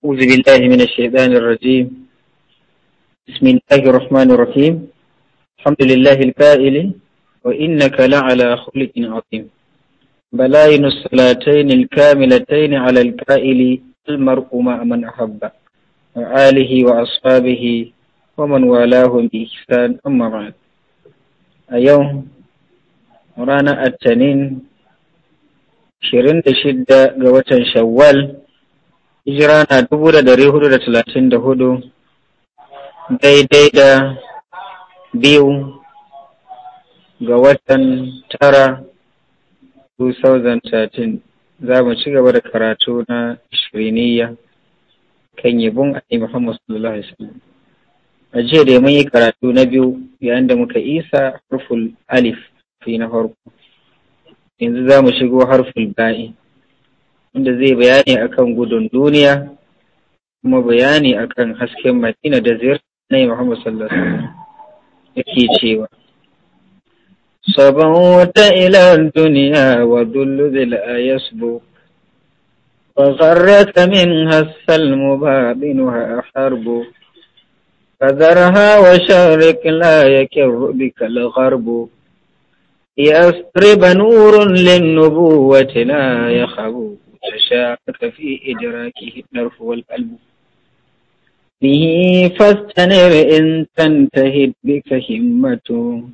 أعوذ بالله من الشيطان الرجيم بسم الله الرحمن الرحيم الحمد لله القائل وإنك لعلى خلق عظيم بلاين الصلاتين الكاملتين على القائل المرء مع من أحب وآله وأصحابه ومن والاهم بإحسان أما بعد اليوم رانا التنين شرين شدة قوة شوال Hijira na dubu da dari hudu da talatin da hudu daidai da biyu ga watan tara 2013 za mu ci gaba da karatu na shiriniya kan yabon Ali Muhammad sallallahu alaihi wasallam. A jiya da mun yi karatu na biyu yayin da muka isa harful alif fi na farko. Yanzu za mu shigo harful ba'i. inda zai bayani akan gudun duniya kuma bayani akan hasken madina da ziyar na Muhammad sallallahu alaihi wasallam yake cewa sabon wata ilan duniya wa dullu zil ayasbu wa zarrat min hasal mubabin wa harbu فذرها وشارك لا يكر بك الغرب يسرب نور للنبوة لا يخبو تشاقق في إدراكه الطرف والقلب به فاستنر إن تنتهد بك همته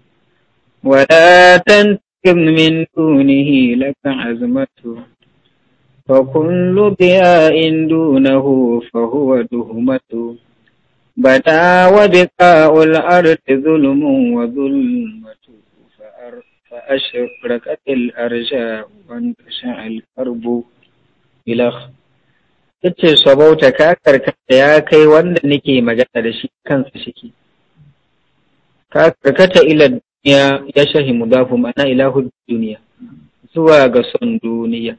ولا تنتقم من دونه لك عزمته فكل ضياء دونه فهو دهمته بدا وبقاء الأرض ظلم وظلمة فأشركت الأرجاء وانتشع الكرب ilah tace sabauta ka karkata ya kai wanda nake magana da shi kansa shiki ka karkata ila duniya ya shahi mudafu ila ilahu duniya zuwa ga son duniya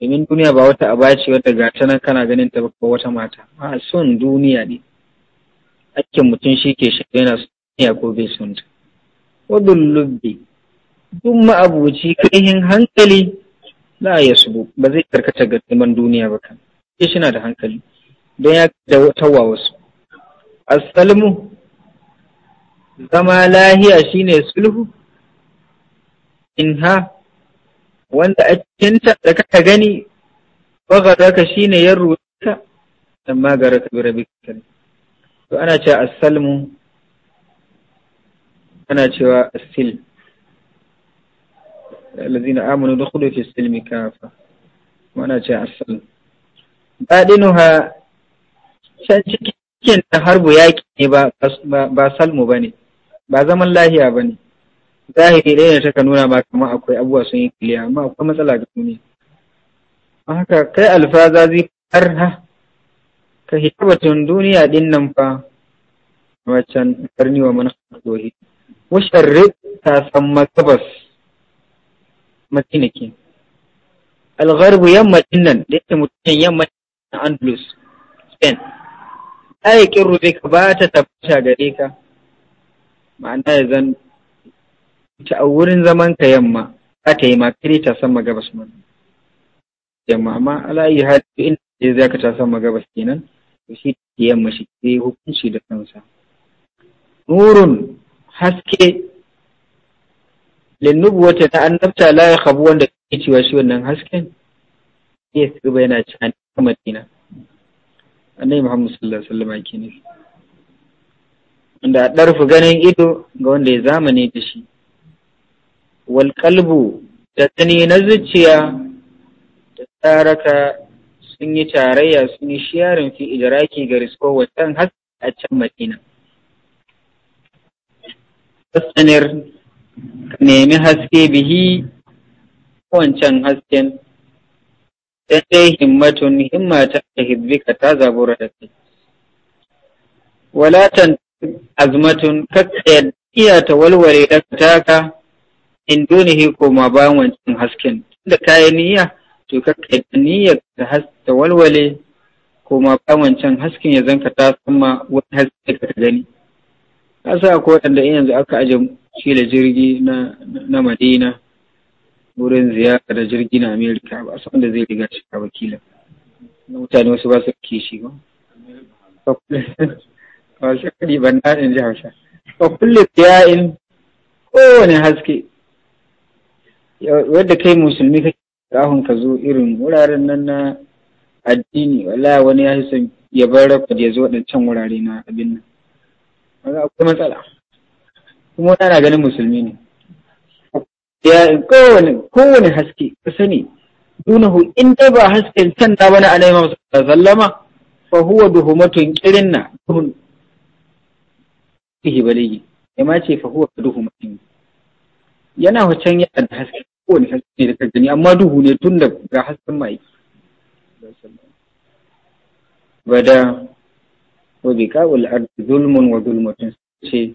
domin duniya ba wata aba ce wadda ga nan kana ganin ta ba wata mata a son duniya ne ake mutum shi ke shiga yana son duniya ko bai son ta wadun lubbi duk ma'abuci kaihin hankali a ya su ba zai karkata ga neman duniya ba kan ke shi na da hankali don ya da tawa wasu asalmu zama lahiya shine sulhu inha wanda a cikinta da kaka gani bagaraka shine yan rubuta da magara ta rabbika to ana cewa asalmu ana cewa asil الذين آمنوا دخلوا في السلم كافة وانا جاء السلم بعدنها cikin da harbu yaƙi ne ba salmu ba ne ba zaman lahiya ba ne zahiri ɗaya ne ta nuna ma kamar akwai abubuwa sun yi kiliya amma akwai matsala ga duniya a haka kai alfaza zai har ha hitabatun duniya ɗin nan fa wacan karni wa man haɗohi washarri ta san makabas madina ke yammacin nan da yake mutum yammacin andalus spain ayyakin rube ka ba ta tabbata gare ka ma'ana ya zan ta a wurin zaman ka yamma za ta yi makiri ta sama gabas mana yamma amma alayi hali inda ya zaka ta sama gabas kenan to shi yamma shi ke hukunci da kansa nurun haske linnubuwata na annabta la ya khabu wanda kake cewa shi wannan hasken ya tsiba yana cikin madina annabi muhammad sallallahu alaihi wasallam ke nufi wanda a ɗarfi ganin ido ga wanda ya zamane da shi wal kalbu da tani na zuciya da tsaraka sun yi tarayya sun yi shiyarin fi idraki ga risko watan haske a can madina tsanir ka nemi haske bihi wancan hasken dan dai himmatun himma ta hibbika ta zabura da kai walatan azmatun kakka iya ta walware taka in dunihi ma bayan wancan hasken da kayan niyya to kakka niyyar ta walwale ma bayan wancan hasken ya zanka ta sama wani haske ka gani kasa ko wanda yanzu aka aje shi da jirgi na madina wurin ziyara da jirgi na amerika ba san da zai riga shi ba kila mutane wasu ba su kishi ba ba su kadi ban daɗin ji hausa ba kulle ya'in kowane haske wadda kai musulmi ke kahun ka zo irin wuraren nan na addini wala wani ya son ya bar rafa ya zo waɗancan wurare na abin nan akwai matsala kuma wani ana ganin musulmi ne ya kowane kowane haske ka sani dunahu in dai ba hasken can da wani alai masu sallama fa huwa duhumatun na, duhun fihi baligi ya ma ce fa huwa duhumatun yana wacan yana da haske kowane haske ne da ka amma duhu ne tun da ga hasken mai bada wa biqa'ul ard zulmun wa zulmatun ce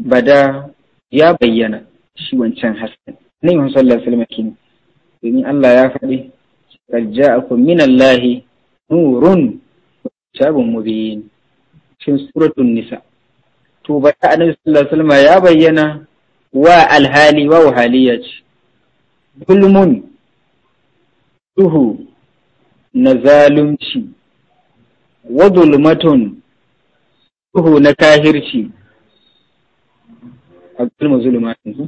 bada ya bayyana shi wancan hasken nai Muhammad sallallahu alaihi wasallam domin Allah ya faɗi qad ja'akum min Allahi nurun kitabun mubiyin cikin suratun nisa to bada annabi sallallahu alaihi wasallam ya bayyana wa alhali wa wahaliya ce gulmun duhu na zalunci wa zulmatun duhu na kahirci azulma zulma su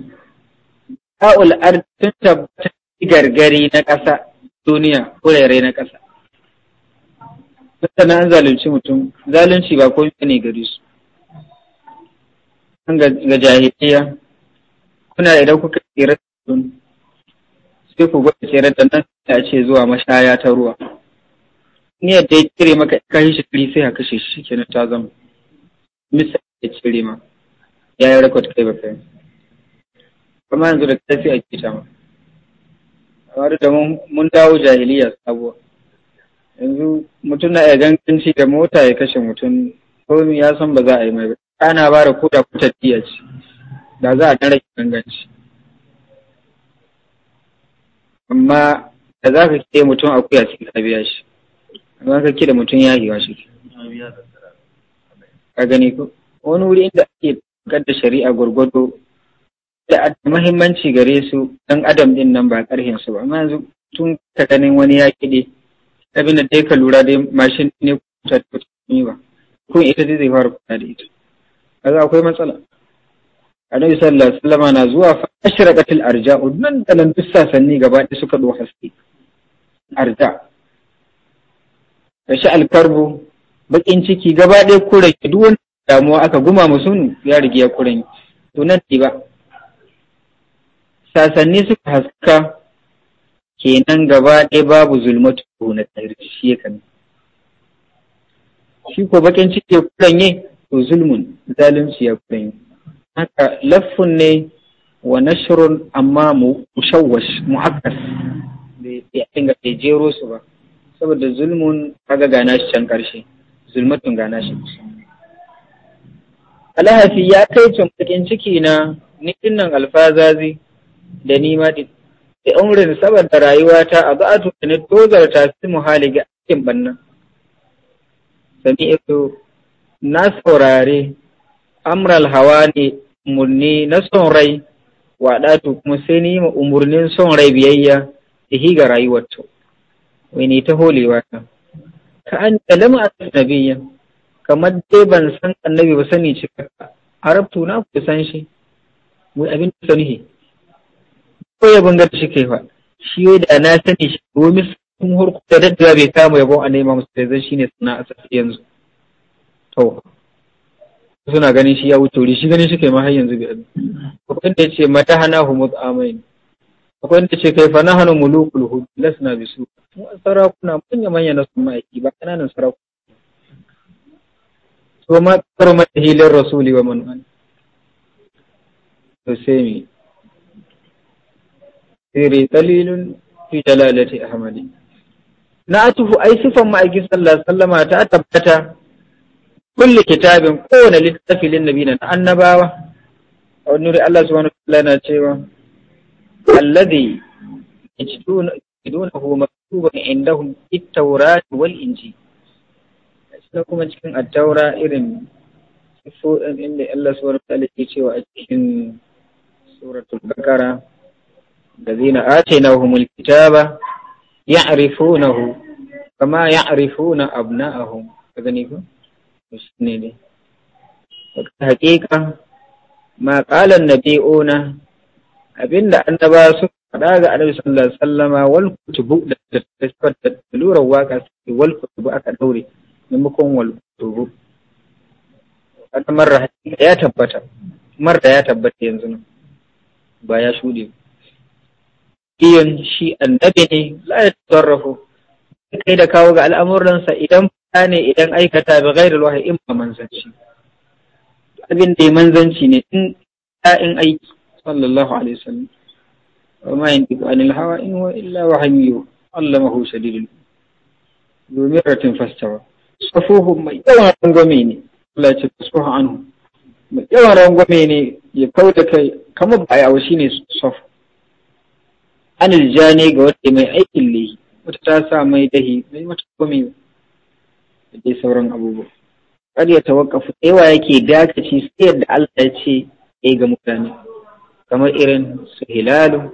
ta'ul ard tabbatar da gargari na ƙasa duniya kurere na ƙasa sannan an zalunci mutum zalunci ba komai ne gari su an ga jahiliya kuna idan kuka tsira sun sai ku gwada tsira da nan ta ce zuwa mashaya ta ruwa ni yadda ya cire maka kashi shi sai a kashe shi kenan ta zama misali ya cire ma. ya yi rekod kai ba kai kuma yanzu da tafi a kita ma amma da mun dawo jahiliya sabuwa yanzu mutum na iya ganganci da mota ya kashe mutum komi ya san ba za a yi mai ba ana ba da koda ko tafiya ce da za a dan ganganci amma da za ka ke mutum akuya cikin abiya biya shi amma ka ke da mutum ya yi wa shi ka gani ko wani wuri inda ake da shari'a gwargwado da muhimmanci gare su dan adam din nan ba karhin su ba amma yanzu tun ka ganin wani ya kide abin da dai ka lura dai mashin ne ta tafi ba ko ita zai fara kula da ita kaza akwai matsala annabi sallallahu alaihi wasallam na zuwa fa ashraqatil Arja, nan da nan duk sasanni gaba da suka do haske arja da shi alkarbu bakin ciki gaba ɗaya ko rage duk wani damuwa aka guma musu ya rige ya kuren nan ne ba sasanni suka haska kenan gaba ɗaya babu zulmatu na shi ya kan shi ko bakin cike kuren yi, to zulmun zalunci ya kuren haka laffun ne wa nashirun amma mu mushawwash muhakkas bai dinga bai jero su ba saboda zulmun kaga gana shi can karshe zulmatun gana shi alhafi ya kai can bakin ciki na ni dinnan alfazazi da ni maɗi da umrin saboda rayuwata a ba'atu da ni su mu muhali ga aikin bannan sami ito na saurare amral hawa ne murni na son rai waɗatu kuma sai ni ma umurnin son rai biyayya da ga rayuwarta wai ni ta holewa ta ka an kalama a nabiyyan kamar dai ban san annabi ba sani cikakka arabtu na ku san shi mu abin da sanihi ko ya bangar shi kai fa shi da na sani shi domin sun hurku da dadda bai kama yabon annabi musu zai shine suna asali yanzu to suna ganin shi ya wuce wuri shi ganin shi kai ma har yanzu bai abin akwai da yace mata hana hu amain akwai wanda ce kai fa na hana mulukul hud lasna bisu sarakuna manya manya na sun ma'aiki ba kananan sarakuna وما كرمته للرسول ومن والاه حسيمي سيري قليل في جلالة أحمد نعته أي صفة ما أجي صلى الله عليه وسلم تأتبت كل كتاب كون للتفي للنبي النباوة أو نري الله سبحانه وتعالى نتشيوه الذي يجدونه مكتوبا عندهم في التوراة والإنجيل da kuma cikin attaura irin siffoɗin inda Allah su wani ke cewa a cikin suratul bakara da zina ake na humul kitaba ya arifunahu kama ya arifuna abna'ahum ka gani ku? shi ne dai hakika ma qalan nabi'una abinda annaba su faɗa ga annabi sallallahu alaihi wasallama wal kutubu da da lura waka wal kutubu aka daure maimakon wal qulubu wata marra ya tabbata da ya tabbata yanzu nan ba ya shuɗe iyon shi annabi ne la ya tsarrafu kai da kawo ga al'amuransa idan fata ne idan aikata bi ghairil wahyi in ba manzanci abin da manzanci ne in ta'in aiki sallallahu alaihi wasallam wa ma yantiqu anil hawa in wa illa wahyu allamahu shadidul domin ratin fastawa safuhun mai yawan rangwame ne Allah ce ha anhu mai yawan rangwame ne ya kau da kai kamar ne shine an anil ne ga wata mai aikin lehi wata ta sa mai dahi mai mata gome da dai sauran abubuwa kar ya tawakkafu tsewa yake dakaci sai yadda Allah ya ce ya ga mutane kamar irin su hilalu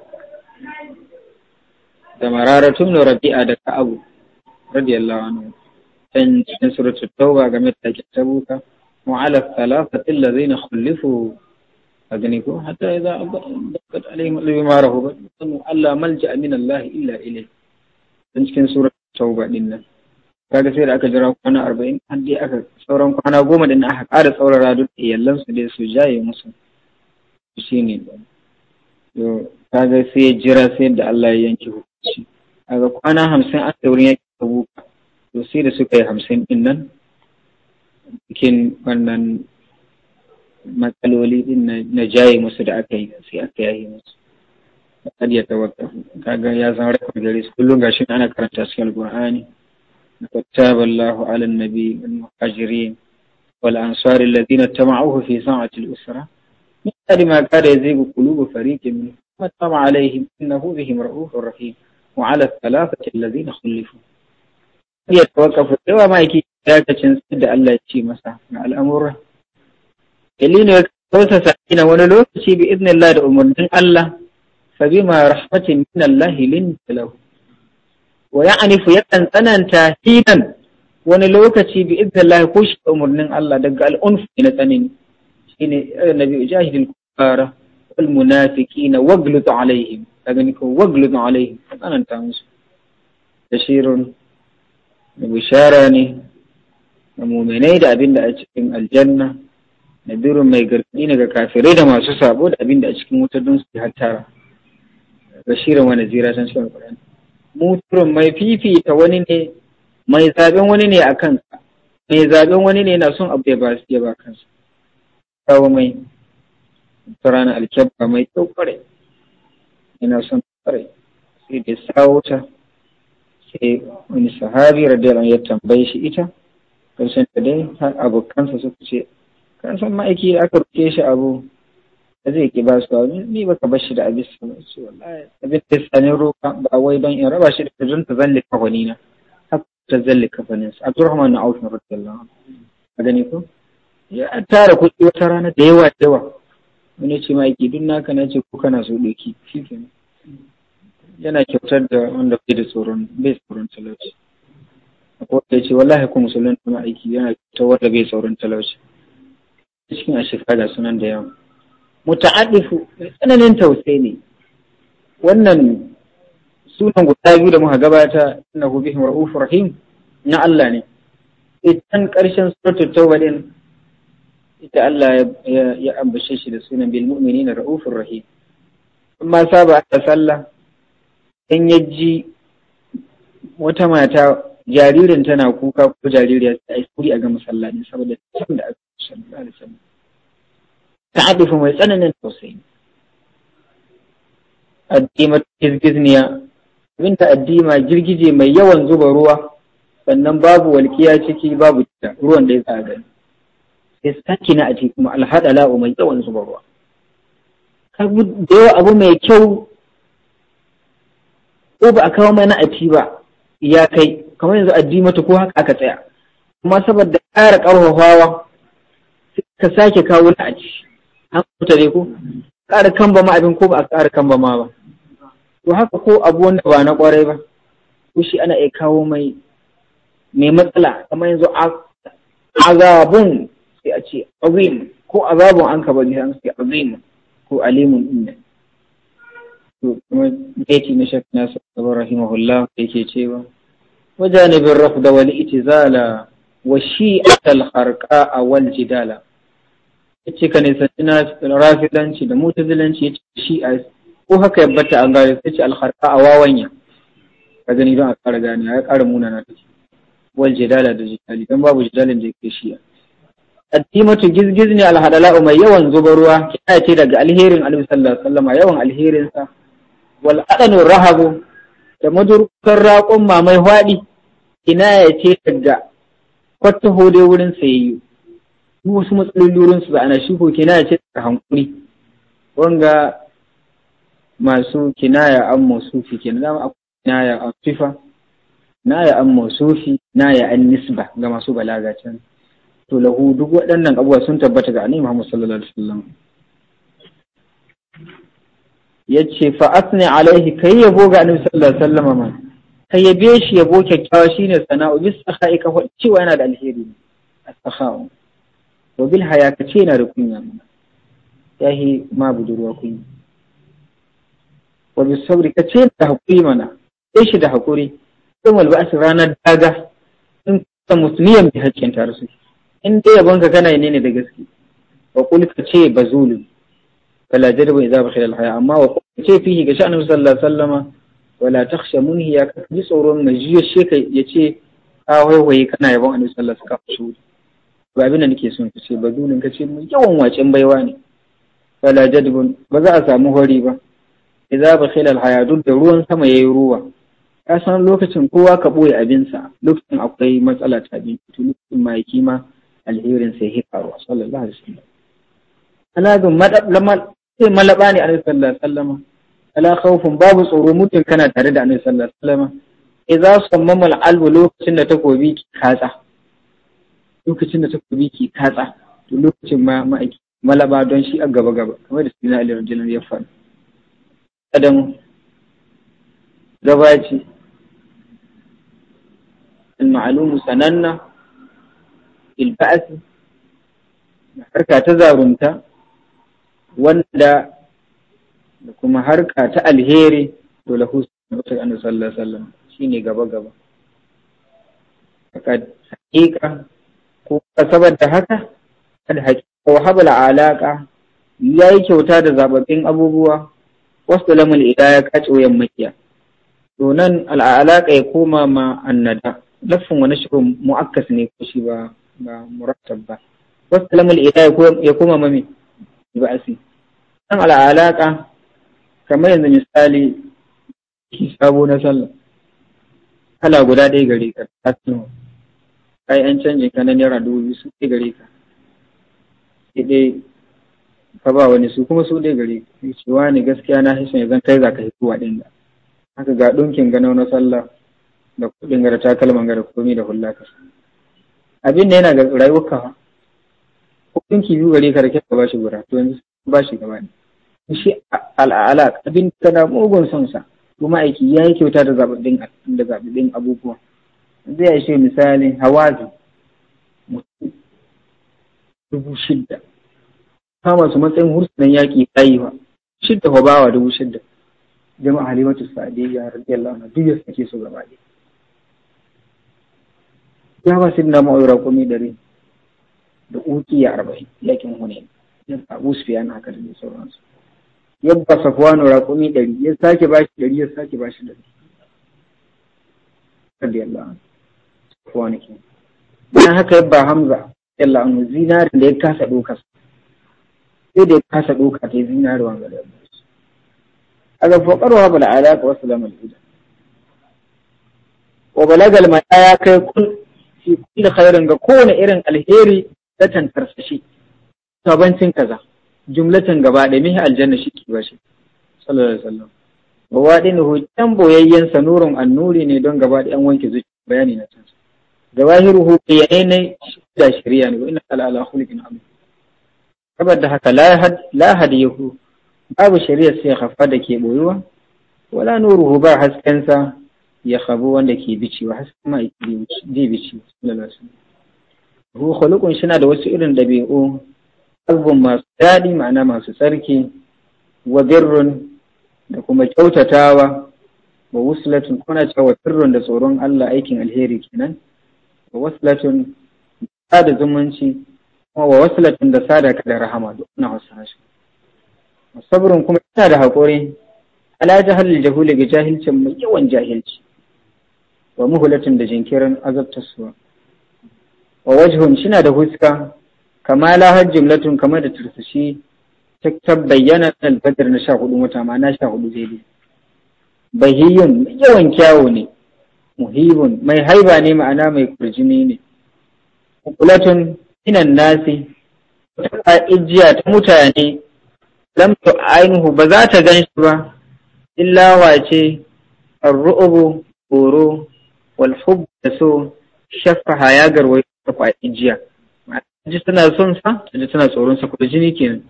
da mararatun rabi'a da ka'abu radiyallahu anhu can cikin suratul tauba game da take tabuka wa ala thalathati allazina khulifu agani ko hatta idza abaqat alaihim bima rahu sanu alla malja min allah illa ilayhi can cikin suratul tauba din nan kaga sai da aka jira kwana arba'in har dai aka sauran kwana goma din aka ƙara tsaurara duk iyallan su dai su jaye musu shine to kaga sai ya jira sai da Allah ya yanke hukunci kaga kwana hamsin a wurin yake وسيرة ستة خمسين إنن لكن من ما قالوا لي إن نجاي مسرعة كي سيأتي أي مس قد يتوقف كأجا يا زمرة كجليس كلهم عشان أنا كرنت أسكن القرآن كتاب الله على النبي المهاجرين والأنصار الذين اتبعوه في ساعة الأسرة من ما كان يزيغ قلوب فريق منهم ما طمع عليهم إنه بهم رؤوف رحيم وعلى الثلاثة الذين خلفوا ya tawakkafa yawa ma yake dakacin su da Allah ya ce masa na al'amura dalilin ya tausasa ina wani lokaci bi idnillah da umarnin Allah fa bima rahmatin min Allah lin lahu wa ya'nifu ya tsananta hinan wani lokaci bi idnillah ko shi umarnin Allah daga al'unf na tsanani shine eh, nabi jahilil kufara wal munafiqina waglut alaihim kaga ni ko waglut alaihim tsananta musu tashirun da bishara ne na muminai da abin da a cikin aljanna na birin mai gargadi ne ga kafirai da masu sabo da abin da a cikin wutar don su hattara shirin wani zira san shirin alƙur'an muturin mai fifita wani ne mai zaben wani ne a kansa mai zaben wani ne na son abu ya ba su ya ba kansa kawo mai ranar alkyabba mai kyau kwarai yana son kwarai sai da sawo ta sai wani sahabi radiyallahu ya tambaye shi ita karshen da dai har abokansa suka ce kan san ma'aiki da aka rufe shi abu da zai ki ba su ba ni baka bar shi da abisa sa ce wallahi abin da sanin roƙa ba wai don in raba shi da don ta zalle kafani na haka ta zalle kafanin sa Abdurrahman na Auf radiyallahu a gani ko ya tara kuɗi wata rana da yawa da yawa wani ce ma'aiki duk naka na ce ko kana so doki shikenan yana kyautar da wanda bai da tsoron bai tsoron talauci akwai ya ce wallahi ku musulun kuma ma'aiki? yana kyautar wanda bai tsoron talauci cikin ashika da sunan da yawa muta'addifu tsananin tausayi ne wannan sunan guda biyu da muka gabata innahu bihim ra'ufur rahim na Allah ne idan karshen suratul tauba din ita Allah ya ambace shi da sunan bil mu'minina ra'ufur rahim amma saba ta sallah in ya ji wata mata jaririn tana kuka ko jaririya ta yi kuri a ga masallaci saboda san da aka sallallahu ta wasallam mai tsananin tausayi addima min ta addima girgije mai yawan zuba ruwa sannan babu walkiya ciki babu cika ruwan da ya sa gani sai na a cikin kuma alhadala mai yawan zuba ruwa ka da yawa abu mai kyau ko ba a kawo mana a ci ba ya kai kamar yanzu mata ko haka aka tsaya kuma saboda ƙara ƙarfafawa ka sake kawo na a an kuta ko ƙara kamba ma abin ko ba a ƙara ba ma ba to haka ko abu wanda ba na ƙwarai ba ko shi ana iya kawo mai mai matsala kamar yanzu azabun sai a ce azim ko azabun an ka bari an sai azim ko alimun din kuma baiti na shek nasu abu rahimahullah da yake cewa wajanibin rafda wal itizala wa shi'atal harqa wal jidala yace ka ne sanina rafidanci da mutazilanci yace shi'a ko haka yabbata an gare sai ce al harqa wawanya ka gani don a ƙara gani ya ƙara muna na take wal jidala da jidali don babu jidalin da yake shi'a addimatu gizgiz ne alhadala'u mai yawan zubarwa, ruwa kina ce daga alherin alaihi sallallahu alaihi yawan alherin sa wal adanin rahabu da madurkar raƙon mamai hwaɗi ina ya ce daga kwata hode wurin sayayyu duk wasu matsalolin wurin su ana shi ko kina ya ce daga hankuri wanga masu kinaya an masufi kenan dama akwai kinaya an sifa naya an sufi, naya an nisba ga masu balaga can to lahu duk waɗannan abubuwa sun tabbata ga annabi Muhammad sallallahu alaihi wasallam ya ce fa'asni alaihi kai yabo ga annabi sallallahu alaihi wasallam ma kai yabe shi yabo kyakkyawa shine sana'o bis saha'i ka cewa yana da alheri ne as-saha'u wa bil haya ka ce yana da kunya yahi ma budurwa kunya Wani sauri sabri ka ce da hakuri mana sai shi da hakuri sun wal ba'as ranar daga in ka musliyan bi haƙƙin tarisu in dai yabonka kana ne ne da gaske wa kul ka ce bazulu fala jadbu idza bakhila al haya amma wa ce fihi ga sha'anin sallallahu alaihi wasallama wala takhsha munhi ya ka ji tsoron mai jiya she ya ce, ka waiwaye kana yabon annabi sallallahu alaihi wasallam ba abin da nake son ka ce ba dunin ka ce mu yawan wacin baiwa ne wala jadbun ba za a samu hori ba idza bakhila al duk da ruwan sama yayi ruwa ka san lokacin kowa ka boye abinsa lokacin akwai matsala ta abinci lokacin ma mai kima alherin sai ya karuwa sallallahu alaihi wasallam ana ga sai malaba ne annabi sallallahu alaihi wasallam ala khawfun babu tsoro mutum kana tare da annabi sallallahu alaihi wasallam idza sammama al'albu lokacin da takobi ki katsa lokacin da takobi ki katsa to lokacin ma ma'aiki malaba don shi a gaba gaba kamar da sunan alir jinan ya faɗi adam gabaci al-ma'lum sananna il ba'th harka ta zarunta wanda da kuma harka ta alheri to lahu sallallahu alaihi wasallam shine gaba gaba hakika ko saboda haka al hakika wa habla alaka yayi kyauta da zababbin abubuwa wasu lamul ida ya kace wayan makiya to nan al'alaka ya koma ma annada lafin wani shirin mu'akkas ne ko shi ba ba murattab ba wasu lamul ida ya koma ma mai. ba'asi dan ah. al'alaka kamar yanzu misali ki sabo na sallah kala guda ɗaya gare ka tattuno kai an canje ka na naira dubu su ɗaya gare ka sai dai ka ba wani su kuma su ɗaya gare ka cewa ne gaskiya na hisan zan kai za ka hikuwa ɗin da haka ga ɗunkin ganau na sallah da kuɗin ga takalman ga da komi da hulla ka abin da yana ga rayuwa ɗinki biyu gare ka da kyau ka bashi guda to yanzu bashi gaba ne shi al'ala abin ka da mugun son sa to ma'aiki ya yi kyauta da zaɓaɓɓen da zaɓaɓɓen abubuwa zai ya ce misalin hawazi mutum dubu shidda kama su matsayin hursunan yaƙi tsayewa shidda ko bawa dubu shidda jama'a halimatu sa'adiyya radiyallahu anha duk ya sake su gaba ɗaya ya ba sidna ma'aura komai dare da ukiya arba'in yakin hunain abu na haka da sauransu yabba na raƙumi ɗari ya sake ba shi ɗari ya sake ba shi ɗari radiyallahu anhu safwanu ke dan haka yabba hamza yalla anhu zinari da ya kasa ɗaukar sai da ya kasa ɗoka ta yi zinari wanga da yabba a ga fokarwa bala alaƙa wasu lamar idan wa balagal ya kai kun fi kulli khairin ga kowane irin alheri latan karsashi sabancin kaza jumlatan gaba da mihi aljanna shi ke bashi sallallahu alaihi wasallam wa din hujjan boyayyen sa nurun annuri ne don gaba da an wanke zuci bayani na can zawahiruhu bayanai da shari'a ne inna ala ala khuliqin amin da haka la had la babu shari'a sai khaffa da ke boyuwa wala nuruhu ba haskensa ya khabu wanda ke bicewa hasken ma zai bicewa sallallahu alaihi wasallam hu khuluqun da wasu irin ɗabi'u albun masu daɗi ma'ana masu tsarki wa birrun da kuma kyautatawa wa wuslatun kuna cewa birrun da tsoron Allah aikin alheri kenan wa waslatun da zumunci kuma wa Latin da sadaka da rahama duk na wasu hashe. sabrun kuma yana da haƙuri ala jahal jahuli ga jahilcin mai yawan jahilci wa muhulatin da jinkirin azabtarsuwa wa wajhun shina da huska kama la jumlatun kamar da tursashi ta bayyana albadar na sha hudu wata ma na sha hudu daidai bahiyun yawan kyawo ne muhibun mai haiba ne ma'ana mai kurjini ne kulatun inan nasi ta ijiya ta mutane lam ainihu ba za ta gan shi ba illa wace ar-ru'bu tsoro wal da so shafaha ya garwai ta kwaɗin jiya ji tana son sa ji tana tsoron sa kuma jini kenan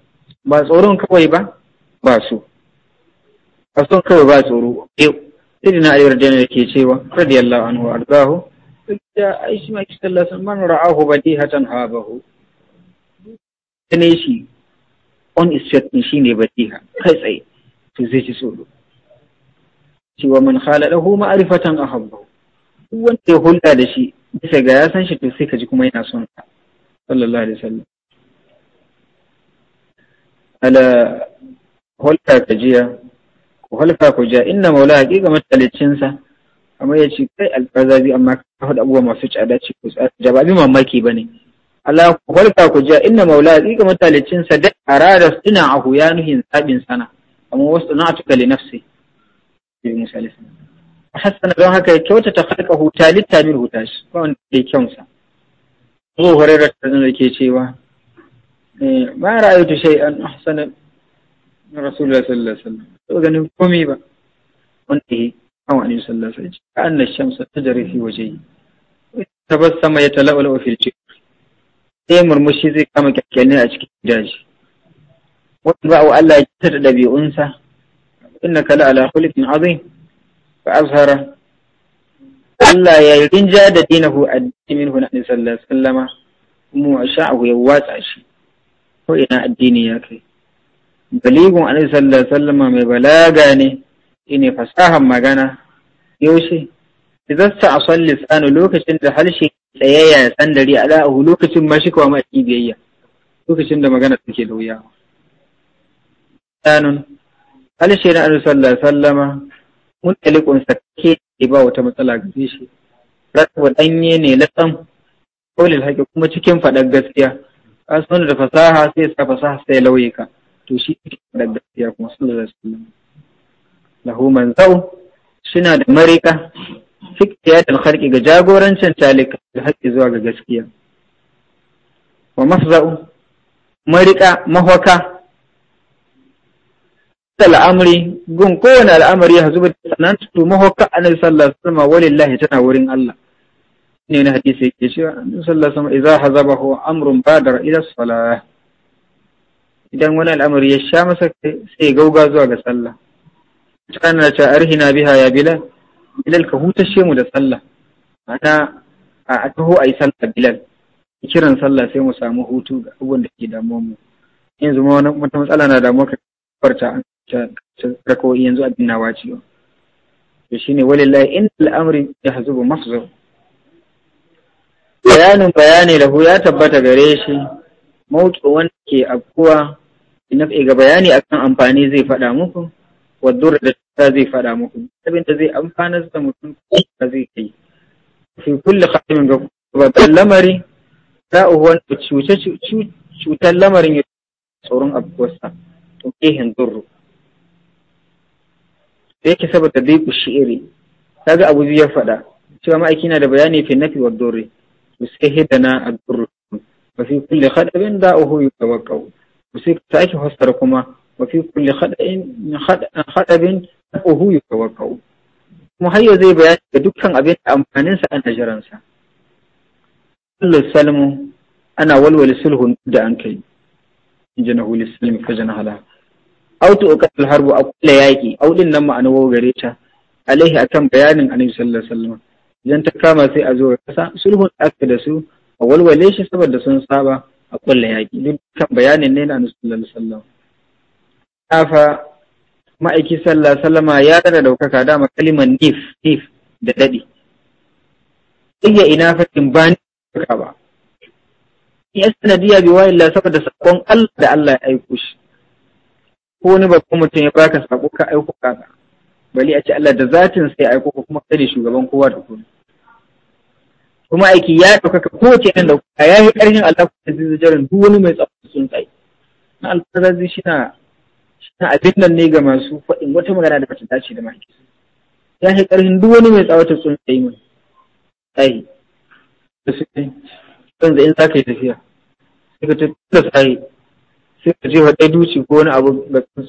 ba tsoron kawai ba ba su ba son kawai ba tsoro Yau, sai na ayyar da ke cewa radiyallahu anhu ardahu da aishi ma kisa Allah sun man ra'ahu badihatan habahu ne shi on shi ne ba badiha kai tsaye to zai ji tsoro cewa man khala lahu ma'rifatan ahabbahu wanda ya hulɗa da shi ya ga ya san shi to sai ka ji kuma yana son ka sallallahu alaihi wasallam ala holka ka jiya ku holka ku jiya inna maula matalicin sa amma ya ce kai alfazabi amma ka hada abubuwa masu tsada ce ku tsada ba bi mamaki ba ne ala ku halka ku jiya inna maula matalicin sa da arada suna ahu huya nuhin sabin sana amma wasu na tuka li nafsi. Misali sana. hasana don haka ya kyautata huta litta min huta shi ba wanda kyansa zuwa Abu da ta zama ke cewa ba a shai an ahsana Na Rasulullah sallallahu alaihi wasallam eh, to ganin komai ba wanda ya kawo annabi sallallahu alaihi wasallam ka na shamsa tajri fi ya tabassama yatalawala fi al sai murmushi zai kama kyakkyani a cikin daji wanda ba Allah ya da ɗabi'unsa innaka kala ala khuluqin azim fa azhara Allah ya rinja da dinahu addini minhu nabi sallallahu alaihi wasallama mu sha'ahu ya watsa shi ko ina addini ya kai baligun alaihi sallallahu mai balaga ne shine fasahan magana yaushe idan a San lisanu lokacin da harshe tsayayya ya tsandari ala'ahu lokacin ma shi kawai mai biyayya lokacin da magana take harshe na mutalikun sake ba wata matsala ga shi rabu danye ne latsan kolil haƙi kuma cikin faɗar gaskiya kasuwan da fasaha sai sa fasaha sai lauye ka to shi cikin faɗar gaskiya kuma sallallahu alaihi wasallam lahu Zau suna da marika fikiya da harki ga jagorancin talika haƙi zuwa ga gaskiya wa mafza'u marika mahwaka al'amri gun kowane al'amari ya zuba sanan tu a annabi sallallahu sama wani lahi tana wurin Allah ne na hadisi yake cewa annabi sallallahu alaihi wasallam idza hazabahu amrun da ila salah idan wani al'amari ya sha masa sai gauga zuwa ga sallah kana ta na biha ya bilal bilal ka hutashe mu da sallah ana a taho ayi sallah bilal kiran sallah sai mu samu hutu ga abubuwan da ke damuwa mu yanzu ma wani matsala na damuwa ka farta rako'i yanzu abin na wacewa to shine walillahi in al'amri yahzubu mafzur bayanin bayani lahu ya tabbata gare shi mawtu wanda ke afkuwa na ga bayani akan amfani zai faɗa muku waddura da ta zai faɗa muku abin zai amfanar da mutum da zai kai fi kulli khatimin ga babban lamari za a wanda cutar lamarin ya tsoron afkuwarsa to kehen durru sai ki saba ta zai shi'iri kaga abu ya faɗa cewa ma'aiki na da bayani fi nafi wa dore mustahi na a dore wa fi kulli khadabin da'uhu yatawaqqa'u sai ta ake fassara kuma wa fi kulli khadabin khadabin da'uhu yatawaqqa'u kuma hayya zai bayani ga dukkan abin da amfaninsa ana jiransa kullu salmu ana walwale sulhun da an kai in jana huli salmi fajana halaka aw tu ukatul harbu a kula yaki au din nan ma'ana wa gare ta alaihi akan bayanin annabi sallallahu alaihi wasallam idan ta kama sai a zo kasa sulhun aka da su a walwale shi saboda sun saba a kula yaki duk kan bayanin ne na annabi sallallahu alaihi wasallam afa ma'aiki sallallahu wasallam ya dada daukaka dama kalimar nif nif da dadi iya ina fakin ba ni ba ya sanadiya biwa illa saboda sakon Allah da Allah ya aiko shi ko wani babban mutum ya baka sako ka aiko kaka bali a ce Allah da zatin sai aiko ka kuma kare shugaban kowa da kowa kuma aiki ya ɗaukaka kowace nan kuka. ya yi ƙarfin Allah da zai duk wani mai tsafi sun tsaye na alfazazi shi na abin nan ne ga masu faɗin wata magana da bata dace da mahaifi ya yi ƙarfin duk wani mai tsawata sun tsaye mai tsaye da su zan yanzu in za kai tafiya sai ka tafi da tsaye sai ka jefa ɗaya duci ko wani abu su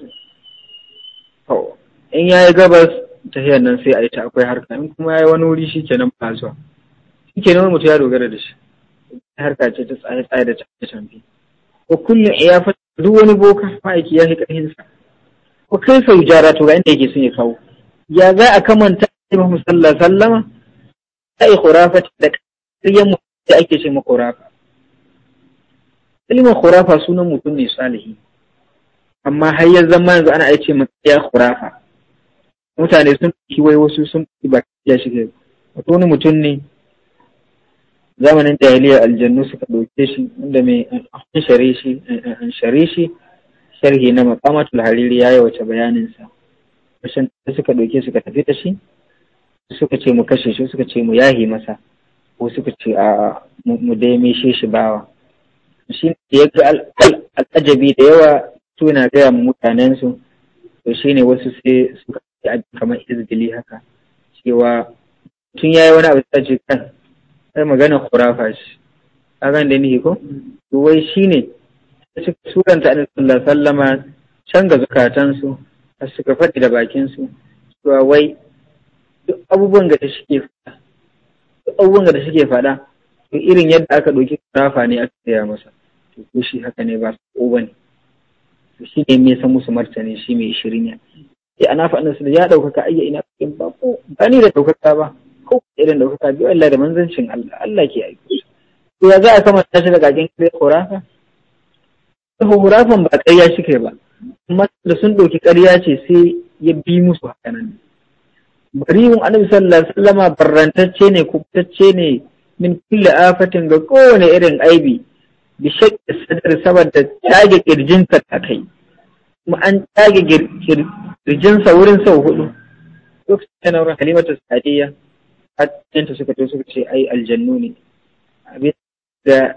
su in ya yi gabas ta hiyar nan sai a yi ta akwai harka in kuma ya yi wani wuri shi kenan ba zuwa shi kenan wani mutum ya dogara da shi harka ce ta tsaye tsaye da tafi tafi ko kullum ya fata duk wani boka ma'aiki ya shi ƙarfinsa ko kai sau jara to ga inda yake sun ya kawo ya za a kamanta Imam ma Alaihi sallama ta yi fata da ƙarfin da ake ce ma khurafa kalimar khurafa sunan mutum ne salihi, amma har ya zama yanzu ana aice matsaya khurafa. Mutane sun fi wai wasu sun fi ba ya shiga. Wato wani mutum ne zamanin jahiliya aljannu suka ɗauke shi inda mai an share shi an share shi sharhi na maqamatul hariri ya yi wace bayaninsa kusan suka ɗauke suka tafi da shi suka ce mu kashe shi suka ce mu yahi masa ko suka ce a mu dai mishe shi bawa shi ya ga al'ajabi da yawa suna gaya mutanensu to shi ne wasu sai suka yi kamar izgili haka cewa tun ya wani abu sai kan sai magana kurafa shi kagan da ni ko to wai shi ne suranta annabi sallallahu alaihi wasallama canza zukatansu suka faɗi da bakinsu cewa wai duk abubuwan da suke faɗa duk abubuwan da suke faɗa irin yadda aka ɗauki kurafa ne aka tsaya masa su ko shi haka ne ba su ko bane to shi ne me san musu martani shi mai shirin ya ana faɗin su ya ɗaukaka ayya ina cikin ba ko ba ni da ɗaukaka ba ko irin ɗaukaka biyu Allah da manzancin Allah Allah ke aiki to ya za a sama ta shi da gagen kare horafa horafan ba ƙarya shi kai ba amma da sun ɗauki karya ce sai ya bi musu hakanan bari'un annabi sallallahu alaihi wasallama barrantacce ne kubtacce ne min kulle afatin ga kowane irin aibi bishak sadar saboda tage kirjinsa ta kai kuma an tage kirjinsa wurin sau hudu duk sai na wurin halimatu sadiya hatta suka ta suka ce ai aljannu ne abin da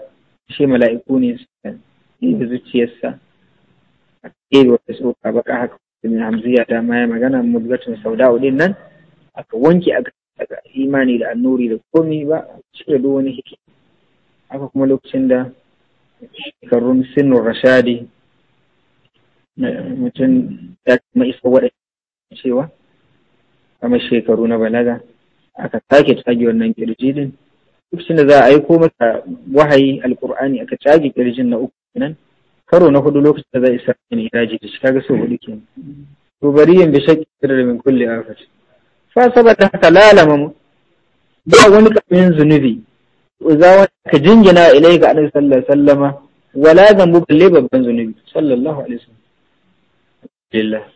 shi mala'iku ne suka yi da zuciyarsa a kebe wata tsoka baka haka min hamziya ta ma ya magana mudgatun sauda'u din nan aka wanke a imani da annuri da komi ba cire duk wani hikima haka kuma lokacin da shekarun sinin rashadi mutum ya kama isa waɗanda cewa Kama shekaru na balaga aka sake tage wannan kirji din duk da za a aiko masa wahayi alkur'ani aka tage kirjin na uku nan karo na hudu lokacin da za a isa ne raji da shi kaga so hudu ke to bari yin bishaki da min a afat fa saboda haka lalama ba wani kafin zunubi za ka jingina ilai ga annabi sallallahu alaihi wasallama wala zambu balle babban zunubi sallallahu alaihi wasallam